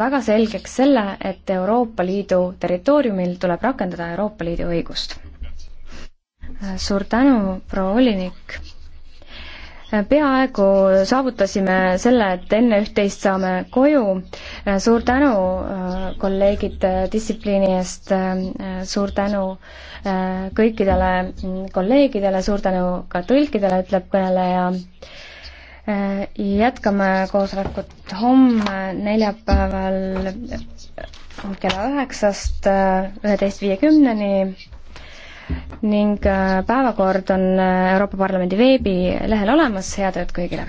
väga selgeks selle, et Euroopa Liidu territooriumil tuleb rakendada Euroopa Liidu õigust. suur tänu, proua volinik! peaaegu saavutasime selle, et enne üht-teist saame koju. suur tänu, kolleegid, distsipliini eest, suur tänu äh, kõikidele kolleegidele, suur tänu ka tõlkidele, ütleb kõneleja Äh, jätkame koosolekut homme neljapäeval kella üheksast äh, üheteist viiekümneni ning äh, päevakord on Euroopa Parlamendi veebilehel olemas, head ööd kõigile!